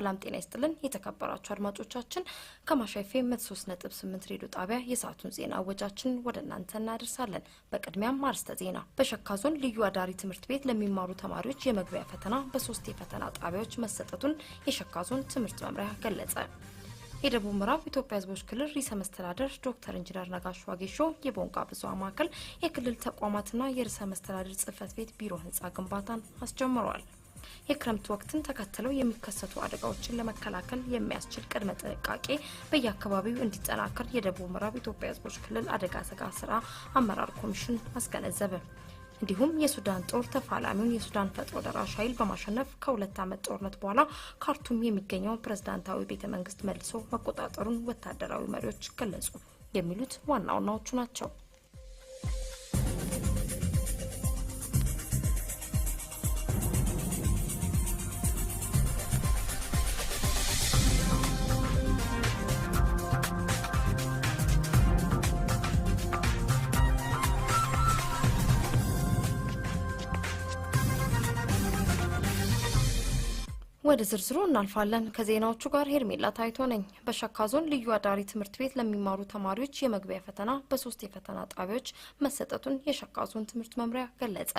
ሰላም ጤና ይስጥልን የተከበራችሁ አድማጮቻችን ከማሻ ኤፍ ኤም ሶስት ነጥብ ስምንት ሬዲዮ ጣቢያ የሰዓቱን ዜና አወጃችን ወደ እናንተ እናደርሳለን። በቅድሚያም አርዕስተ ዜና። በሸካ ዞን ልዩ አዳሪ ትምህርት ቤት ለሚማሩ ተማሪዎች የመግቢያ ፈተና በሶስት የፈተና ጣቢያዎች መሰጠቱን የሸካ ዞን ትምህርት መምሪያ ገለጸ። የደቡብ ምዕራብ ኢትዮጵያ ህዝቦች ክልል ርዕሰ መስተዳደር ዶክተር ኢንጂነር ነጋሽ ዋጌሾ የቦንጋ ብዙ ማዕከል የክልል ተቋማትና የርዕሰ መስተዳደር ጽህፈት ቤት ቢሮ ህንፃ ግንባታን አስጀምረዋል። የክረምት ወቅትን ተከትለው የሚከሰቱ አደጋዎችን ለመከላከል የሚያስችል ቅድመ ጥንቃቄ በየአካባቢው እንዲጠናከር የደቡብ ምዕራብ ኢትዮጵያ ህዝቦች ክልል አደጋ ስጋት ስራ አመራር ኮሚሽን አስገነዘበ። እንዲሁም የሱዳን ጦር ተፋላሚውን የሱዳን ፈጥኖ ደራሽ ኃይል በማሸነፍ ከሁለት ዓመት ጦርነት በኋላ ካርቱም የሚገኘው ፕሬዝዳንታዊ ቤተ መንግስት መልሶ መቆጣጠሩን ወታደራዊ መሪዎች ገለጹ። የሚሉት ዋና ዋናዎቹ ናቸው። ወደ ዝርዝሩ እናልፋለን። ከዜናዎቹ ጋር ሄርሜላ ታይቶ ነኝ። በሸካ ዞን ልዩ አዳሪ ትምህርት ቤት ለሚማሩ ተማሪዎች የመግቢያ ፈተና በሶስት የፈተና ጣቢያዎች መሰጠቱን የሸካ ዞን ትምህርት መምሪያ ገለጸ።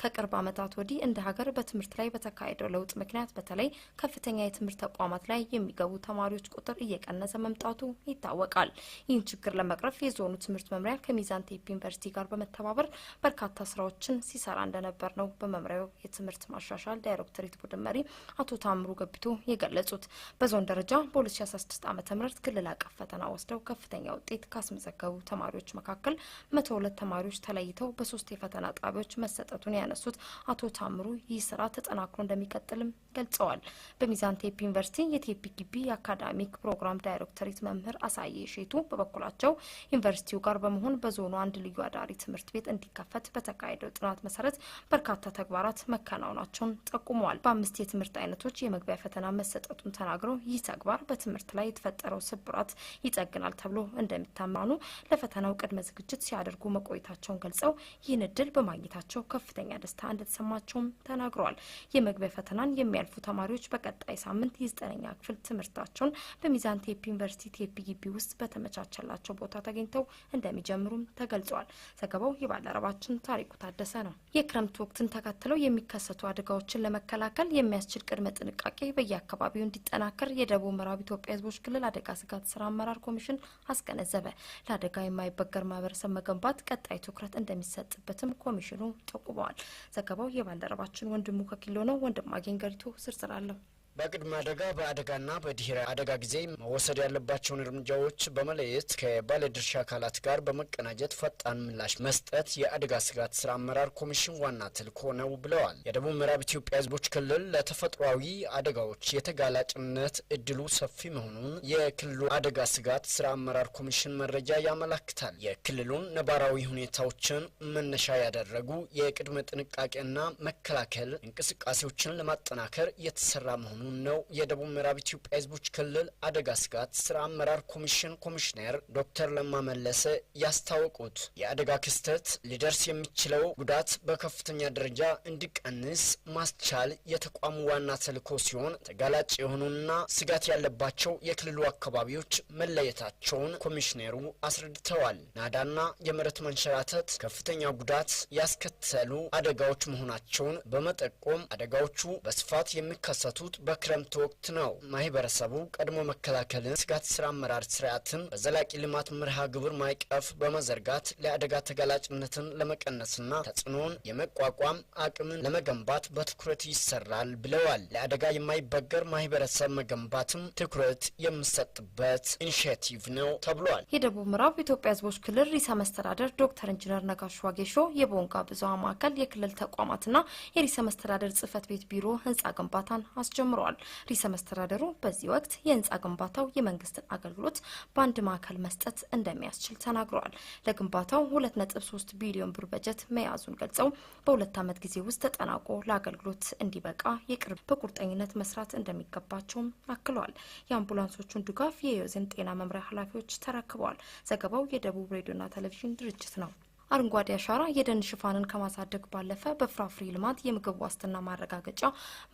ከቅርብ ዓመታት ወዲህ እንደ ሀገር በትምህርት ላይ በተካሄደው ለውጥ ምክንያት በተለይ ከፍተኛ የትምህርት ተቋማት ላይ የሚገቡ ተማሪዎች ቁጥር እየቀነሰ መምጣቱ ይታወቃል። ይህን ችግር ለመቅረፍ የዞኑ ትምህርት መምሪያ ከሚዛን ቴፕ ዩኒቨርሲቲ ጋር በመተባበር በርካታ ስራዎችን ሲሰራ እንደነበር ነው በመምሪያው የትምህርት ማሻሻል ዳይሬክቶሬት ቡድን መሪ አቶ ታምሩ ገብቶ የገለጹት። በዞን ደረጃ በ2016 ዓ ም ክልል አቀፍ ፈተና ወስደው ከፍተኛ ውጤት ካስመዘገቡ ተማሪዎች መካከል 102 ተማሪዎች ተለይተው በሶስት የፈተና ጣቢያዎች መሰጠቱን ያነሱት አቶ ታምሩ ይህ ስራ ተጠናክሮ እንደሚቀጥልም ገልጸዋል። በሚዛን ቴፒ ዩኒቨርሲቲ የቴፒ ግቢ የአካዳሚክ ፕሮግራም ዳይሬክተሪት መምህር አሳየ ሼቱ በበኩላቸው ዩኒቨርሲቲው ጋር በመሆን በዞኑ አንድ ልዩ አዳሪ ትምህርት ቤት እንዲከፈት በተካሄደው ጥናት መሰረት በርካታ ተግባራት መከናወናቸውን ጠቁመዋል። በአምስት የትምህርት አይነቶች ተማሪዎች የመግቢያ ፈተና መሰጠቱን ተናግሮ ይህ ተግባር በትምህርት ላይ የተፈጠረው ስብራት ይጠግናል ተብሎ እንደሚታመኑ ለፈተናው ቅድመ ዝግጅት ሲያደርጉ መቆየታቸውን ገልጸው ይህን እድል በማግኘታቸው ከፍተኛ ደስታ እንደተሰማቸውም ተናግረዋል። የመግቢያ ፈተናን የሚያልፉ ተማሪዎች በቀጣይ ሳምንት የዘጠነኛ ክፍል ትምህርታቸውን በሚዛን ቴፒ ዩኒቨርሲቲ ቴፒ ግቢ ውስጥ በተመቻቸላቸው ቦታ ተገኝተው እንደሚጀምሩም ተገልጿል። ዘገባው የባልደረባችን ታሪኩ ታደሰ ነው። የክረምት ወቅትን ተከትለው የሚከሰቱ አደጋዎችን ለመከላከል የሚያስችል ቅድመ ጥንቃቄ በየአካባቢው እንዲጠናከር የደቡብ ምዕራብ ኢትዮጵያ ህዝቦች ክልል አደጋ ስጋት ስራ አመራር ኮሚሽን አስገነዘበ። ለአደጋ የማይበገር ማህበረሰብ መገንባት ቀጣይ ትኩረት እንደሚሰጥበትም ኮሚሽኑ ጠቁመዋል። ዘገባው የባልደረባችን ወንድሙ ከኪሎ ነው። ወንድማገኝ ገሪቶ ስርስራለሁ በቅድመ አደጋ በአደጋና በድህረ አደጋ ጊዜ መወሰድ ያለባቸውን እርምጃዎች በመለየት ከባለድርሻ አካላት ጋር በመቀናጀት ፈጣን ምላሽ መስጠት የአደጋ ስጋት ስራ አመራር ኮሚሽን ዋና ተልዕኮ ነው ብለዋል። የደቡብ ምዕራብ ኢትዮጵያ ሕዝቦች ክልል ለተፈጥሯዊ አደጋዎች የተጋላጭነት እድሉ ሰፊ መሆኑን የክልሉ አደጋ ስጋት ስራ አመራር ኮሚሽን መረጃ ያመላክታል። የክልሉን ነባራዊ ሁኔታዎችን መነሻ ያደረጉ የቅድመ ጥንቃቄና መከላከል እንቅስቃሴዎችን ለማጠናከር የተሰራ መሆኑን አሁን ነው የደቡብ ምዕራብ ኢትዮጵያ ህዝቦች ክልል አደጋ ስጋት ስራ አመራር ኮሚሽን ኮሚሽነር ዶክተር ለማ መለሰ ያስታወቁት። የአደጋ ክስተት ሊደርስ የሚችለው ጉዳት በከፍተኛ ደረጃ እንዲቀንስ ማስቻል የተቋሙ ዋና ተልዕኮ ሲሆን ተጋላጭ የሆኑና ስጋት ያለባቸው የክልሉ አካባቢዎች መለየታቸውን ኮሚሽነሩ አስረድተዋል። ናዳና የመሬት መንሸራተት ከፍተኛ ጉዳት ያስከተሉ አደጋዎች መሆናቸውን በመጠቆም አደጋዎቹ በስፋት የሚከሰቱት በ በክረምት ወቅት ነው። ማህበረሰቡ ቀድሞ መከላከልን፣ ስጋት ስራ አመራር ስርዓትን በዘላቂ ልማት መርሃ ግብር ማይቀፍ በመዘርጋት ለአደጋ ተጋላጭነትን ለመቀነስና ተጽዕኖን የመቋቋም አቅምን ለመገንባት በትኩረት ይሰራል ብለዋል። ለአደጋ የማይበገር ማህበረሰብ መገንባትም ትኩረት የምሰጥበት ኢኒሽቲቭ ነው ተብሏል። የደቡብ ምዕራብ ኢትዮጵያ ህዝቦች ክልል ርዕሰ መስተዳደር ዶክተር ኢንጂነር ነጋሽ ዋጌሾ የቦንጋ ብዙሃን ማዕከል የክልል ተቋማትና የርዕሰ መስተዳደር ጽህፈት ቤት ቢሮ ህንጻ ግንባታን አስጀምሯል። ተናግረዋል። ርዕሰ መስተዳደሩ በዚህ ወቅት የህንፃ ግንባታው የመንግስትን አገልግሎት በአንድ ማዕከል መስጠት እንደሚያስችል ተናግረዋል። ለግንባታው 2.3 ቢሊዮን ብር በጀት መያዙን ገልጸው በሁለት ዓመት ጊዜ ውስጥ ተጠናቆ ለአገልግሎት እንዲበቃ የቅርብ በቁርጠኝነት መስራት እንደሚገባቸውም አክለዋል። የአምቡላንሶቹን ድጋፍ የዮዘን ጤና መምሪያ ኃላፊዎች ተረክበዋል። ዘገባው የደቡብ ሬዲዮና ቴሌቪዥን ድርጅት ነው። አረንጓዴ አሻራ የደን ሽፋንን ከማሳደግ ባለፈ በፍራፍሬ ልማት የምግብ ዋስትና ማረጋገጫ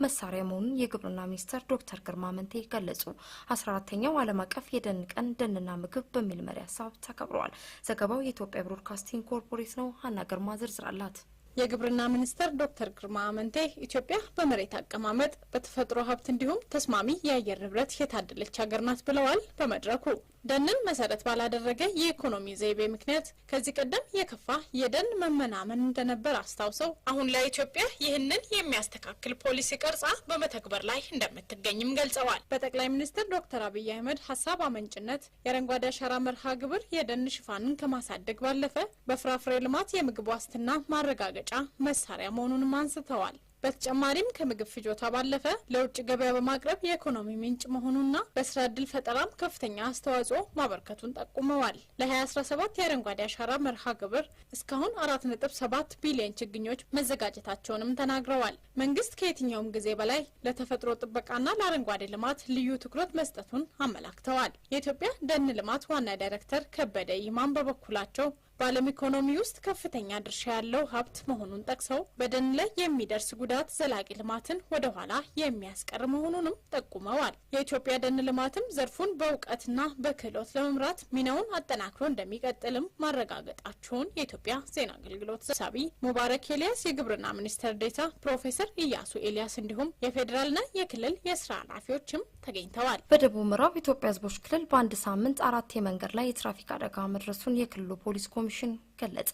መሳሪያ መሆኑን የግብርና ሚኒስትር ዶክተር ግርማ መንቴ ገለጹ። አስራ አራተኛው ዓለም አቀፍ የደን ቀን ደንና ምግብ በሚል መሪ ሀሳብ ተከብረዋል። ዘገባው የኢትዮጵያ ብሮድካስቲንግ ኮርፖሬት ነው። ሀና ግርማ ዝርዝር አላት። የግብርና ሚኒስትር ዶክተር ግርማ አመንቴ ኢትዮጵያ በመሬት አቀማመጥ በተፈጥሮ ሀብት እንዲሁም ተስማሚ የአየር ንብረት የታደለች ሀገር ናት ብለዋል። በመድረኩ ደንን መሰረት ባላደረገ የኢኮኖሚ ዘይቤ ምክንያት ከዚህ ቀደም የከፋ የደን መመናመን እንደነበር አስታውሰው አሁን ላይ ኢትዮጵያ ይህንን የሚያስተካክል ፖሊሲ ቀርጻ በመተግበር ላይ እንደምትገኝም ገልጸዋል። በጠቅላይ ሚኒስትር ዶክተር አብይ አህመድ ሀሳብ አመንጭነት የአረንጓዴ አሻራ መርሃ ግብር የደን ሽፋንን ከማሳደግ ባለፈ በፍራፍሬ ልማት የምግብ ዋስትና ማረጋገጥ ማረጋገጫ መሳሪያ መሆኑንም አንስተዋል። በተጨማሪም ከምግብ ፍጆታ ባለፈ ለውጭ ገበያ በማቅረብ የኢኮኖሚ ምንጭ መሆኑና በስራ እድል ፈጠራም ከፍተኛ አስተዋጽኦ ማበርከቱን ጠቁመዋል። ለ2017 የአረንጓዴ አሻራ መርሃ ግብር እስካሁን 4.7 ቢሊዮን ችግኞች መዘጋጀታቸውንም ተናግረዋል። መንግስት ከየትኛውም ጊዜ በላይ ለተፈጥሮ ጥበቃና ለአረንጓዴ ልማት ልዩ ትኩረት መስጠቱን አመላክተዋል። የኢትዮጵያ ደን ልማት ዋና ዳይሬክተር ከበደ ይማም በበኩላቸው በዓለም ኢኮኖሚ ውስጥ ከፍተኛ ድርሻ ያለው ሀብት መሆኑን ጠቅሰው በደን ላይ የሚደርስ ጉዳት ዘላቂ ልማትን ወደ ኋላ የሚያስቀር መሆኑንም ጠቁመዋል። የኢትዮጵያ ደን ልማትም ዘርፉን በእውቀትና በክህሎት ለመምራት ሚናውን አጠናክሮ እንደሚቀጥልም ማረጋገጣቸውን የኢትዮጵያ ዜና አገልግሎት ሰብሳቢ ሙባረክ ኤልያስ፣ የግብርና ሚኒስትር ዴታ ፕሮፌሰር ኢያሱ ኤልያስ እንዲሁም የፌዴራልና የክልል የስራ ኃላፊዎችም ተገኝተዋል። በደቡብ ምዕራብ ኢትዮጵያ ህዝቦች ክልል በአንድ ሳምንት አራት የመንገድ ላይ የትራፊክ አደጋ መድረሱን የክልሉ ፖሊስ ኮሚሽን solution ገለጸ።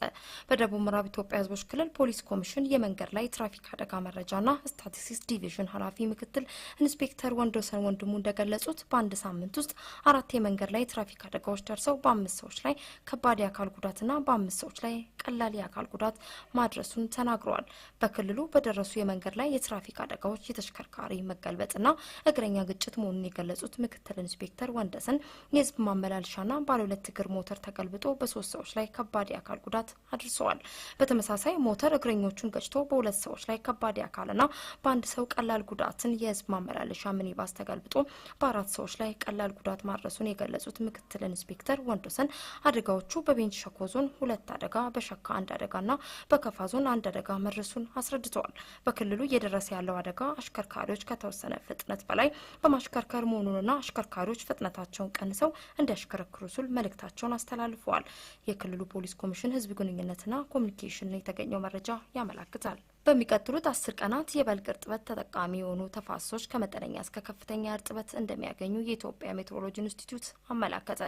በደቡብ ምዕራብ ኢትዮጵያ ህዝቦች ክልል ፖሊስ ኮሚሽን የመንገድ ላይ ትራፊክ አደጋ መረጃና ስታቲስቲክስ ዲቪዥን ኃላፊ ምክትል ኢንስፔክተር ወንዶሰን ወንድሙ እንደገለጹት በአንድ ሳምንት ውስጥ አራት የመንገድ ላይ ትራፊክ አደጋዎች ደርሰው በአምስት ሰዎች ላይ ከባድ የአካል ጉዳትና በአምስት ሰዎች ላይ ቀላል የአካል ጉዳት ማድረሱን ተናግረዋል። በክልሉ በደረሱ የመንገድ ላይ የትራፊክ አደጋዎች የተሽከርካሪ መገልበጥና እግረኛ ግጭት መሆኑን የገለጹት ምክትል ኢንስፔክተር ወንደሰን የህዝብ ማመላለሻና ባለ ሁለት እግር ሞተር ተገልብጦ በሶስት ሰዎች ላይ ከባድ የአካል አካል ጉዳት አድርሰዋል። በተመሳሳይ ሞተር እግረኞቹን ገጭቶ በሁለት ሰዎች ላይ ከባድ የአካልና በአንድ ሰው ቀላል ጉዳትን የህዝብ ማመላለሻ ሚኒባስ ተገልብጦ በአራት ሰዎች ላይ ቀላል ጉዳት ማድረሱን የገለጹት ምክትል ኢንስፔክተር ወንዶሰን አደጋዎቹ በቤንች ሸኮ ዞን ሁለት አደጋ፣ በሸካ አንድ አደጋና በከፋ ዞን አንድ አደጋ መድረሱን አስረድተዋል። በክልሉ እየደረሰ ያለው አደጋ አሽከርካሪዎች ከተወሰነ ፍጥነት በላይ በማሽከርከር መሆኑንና አሽከርካሪዎች ፍጥነታቸውን ቀንሰው እንዲያሽከረክሩ ሱል መልእክታቸውን አስተላልፈዋል። የክልሉ ፖሊስ ኮሚሽን ህዝብ ግንኙነትና ኮሚኒኬሽን የተገኘው መረጃ ያመላክታል። በሚቀጥሉት አስር ቀናት የበልግ እርጥበት ተጠቃሚ የሆኑ ተፋሶች ከመጠነኛ እስከ ከፍተኛ እርጥበት እንደሚያገኙ የኢትዮጵያ ሜትሮሎጂ ኢንስቲትዩት አመላከተ።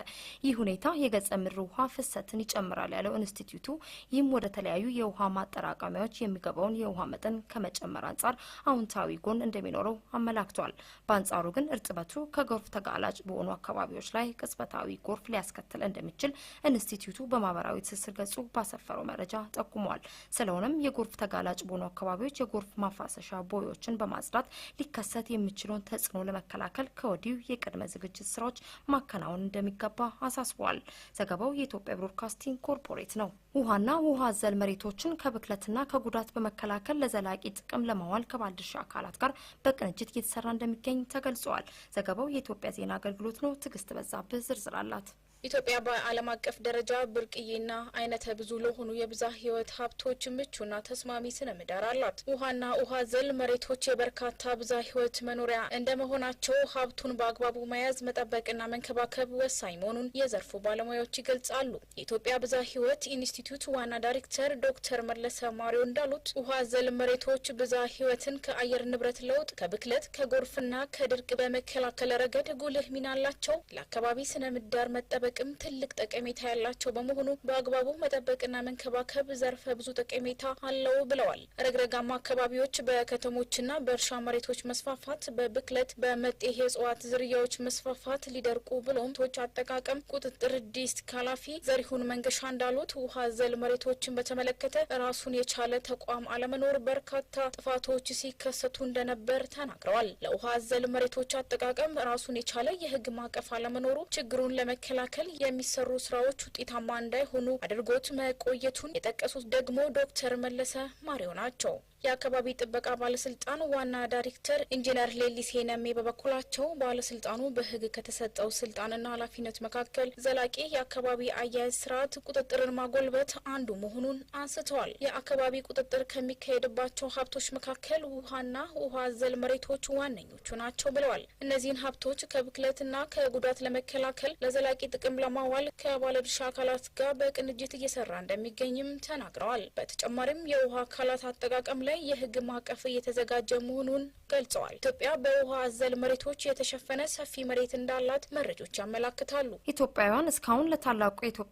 ይህ ሁኔታ የገጸ ምድር ውሃ ፍሰትን ይጨምራል ያለው ኢንስቲትዩቱ ይህም ወደ ተለያዩ የውሃ ማጠራቀሚያዎች የሚገባውን የውሃ መጠን ከመጨመር አንጻር አውንታዊ ጎን እንደሚኖረው አመላክቷል። በአንጻሩ ግን እርጥበቱ ከጎርፍ ተጋላጭ በሆኑ አካባቢዎች ላይ ቅጽበታዊ ጎርፍ ሊያስከትል እንደሚችል ኢንስቲትዩቱ በማህበራዊ ትስስር ገጹ ባሰፈረው መረጃ ጠቁሟል። ስለሆነም የጎርፍ ተጋላጭ በሆኑ አካባቢዎች የጎርፍ ማፋሰሻ ቦዮችን በማጽዳት ሊከሰት የሚችለውን ተጽዕኖ ለመከላከል ከወዲሁ የቅድመ ዝግጅት ስራዎች ማከናወን እንደሚገባ አሳስቧል። ዘገባው የኢትዮጵያ ብሮድካስቲንግ ኮርፖሬት ነው። ውሃና ውሃ አዘል መሬቶችን ከብክለትና ከጉዳት በመከላከል ለዘላቂ ጥቅም ለማዋል ከባለድርሻ አካላት ጋር በቅንጅት እየተሰራ እንደሚገኝ ተገልጿል። ዘገባው የኢትዮጵያ ዜና አገልግሎት ነው። ትዕግስት በዛብህ ዝርዝር አላት። ኢትዮጵያ በዓለም አቀፍ ደረጃ ብርቅዬና አይነተ ብዙ ለሆኑ የብዝሃ ሕይወት ሀብቶች ምቹና ተስማሚ ስነ ምህዳር አላት። ውሃና ውሃ ዘል መሬቶች የበርካታ ብዝሃ ሕይወት መኖሪያ እንደመሆናቸው ሀብቱን በአግባቡ መያዝ መጠበቅና መንከባከብ ወሳኝ መሆኑን የዘርፉ ባለሙያዎች ይገልጻሉ። የኢትዮጵያ ብዝሃ ሕይወት ኢንስቲትዩት ዋና ዳይሬክተር ዶክተር መለሰ ማሪዮ እንዳሉት ውሃ ዘል መሬቶች ብዝሃ ሕይወትን ከአየር ንብረት ለውጥ፣ ከብክለት፣ ከጎርፍና ከድርቅ በመከላከል ረገድ ጉልህ ሚና አላቸው። ለአካባቢ ስነ ምህዳር መጠበቅ መጠበቅም ትልቅ ጠቀሜታ ያላቸው በመሆኑ በአግባቡ መጠበቅና መንከባከብ ዘርፈ ብዙ ጠቀሜታ አለው ብለዋል። ረግረጋማ አካባቢዎች በከተሞችና በእርሻ መሬቶች መስፋፋት በብክለት በመጤ የእጽዋት ዝርያዎች መስፋፋት ሊደርቁ ብሎም ቶች አጠቃቀም ቁጥጥር ዲስክ ኃላፊ ዘሪሁን መንገሻ እንዳሉት ውሃ ዘል መሬቶችን በተመለከተ ራሱን የቻለ ተቋም አለመኖር በርካታ ጥፋቶች ሲከሰቱ እንደነበር ተናግረዋል። ለውሃ ዘል መሬቶች አጠቃቀም ራሱን የቻለ የህግ ማዕቀፍ አለመኖሩ ችግሩን ለመከላከል በመከልከል የሚሰሩ ስራዎች ውጤታማ እንዳይሆኑ አድርጎት መቆየቱን የጠቀሱት ደግሞ ዶክተር መለሰ ማሪው ናቸው። የአካባቢ ጥበቃ ባለስልጣን ዋና ዳይሬክተር ኢንጂነር ሌሊሴ ነሜ በበኩላቸው ባለስልጣኑ በህግ ከተሰጠው ስልጣንና ኃላፊነት መካከል ዘላቂ የአካባቢ አያያዝ ስርዓት ቁጥጥርን ማጎልበት አንዱ መሆኑን አንስተዋል። የአካባቢ ቁጥጥር ከሚካሄድባቸው ሀብቶች መካከል ውሃና ውሃ አዘል መሬቶች ዋነኞቹ ናቸው ብለዋል። እነዚህን ሀብቶች ከብክለትና ከጉዳት ለመከላከል ለዘላቂ ጥቅም ለማዋል ከባለድርሻ አካላት ጋር በቅንጅት እየሰራ እንደሚገኝም ተናግረዋል። በተጨማሪም የውሃ አካላት አጠቃቀም ላይ የህግ ማዕቀፍ እየተዘጋጀ መሆኑን ገልጸዋል። ኢትዮጵያ በውሃ አዘል መሬቶች የተሸፈነ ሰፊ መሬት እንዳላት መረጆች ያመላክታሉ። ኢትዮጵያውያን እስካሁን ለታላቁ የኢትዮጵያ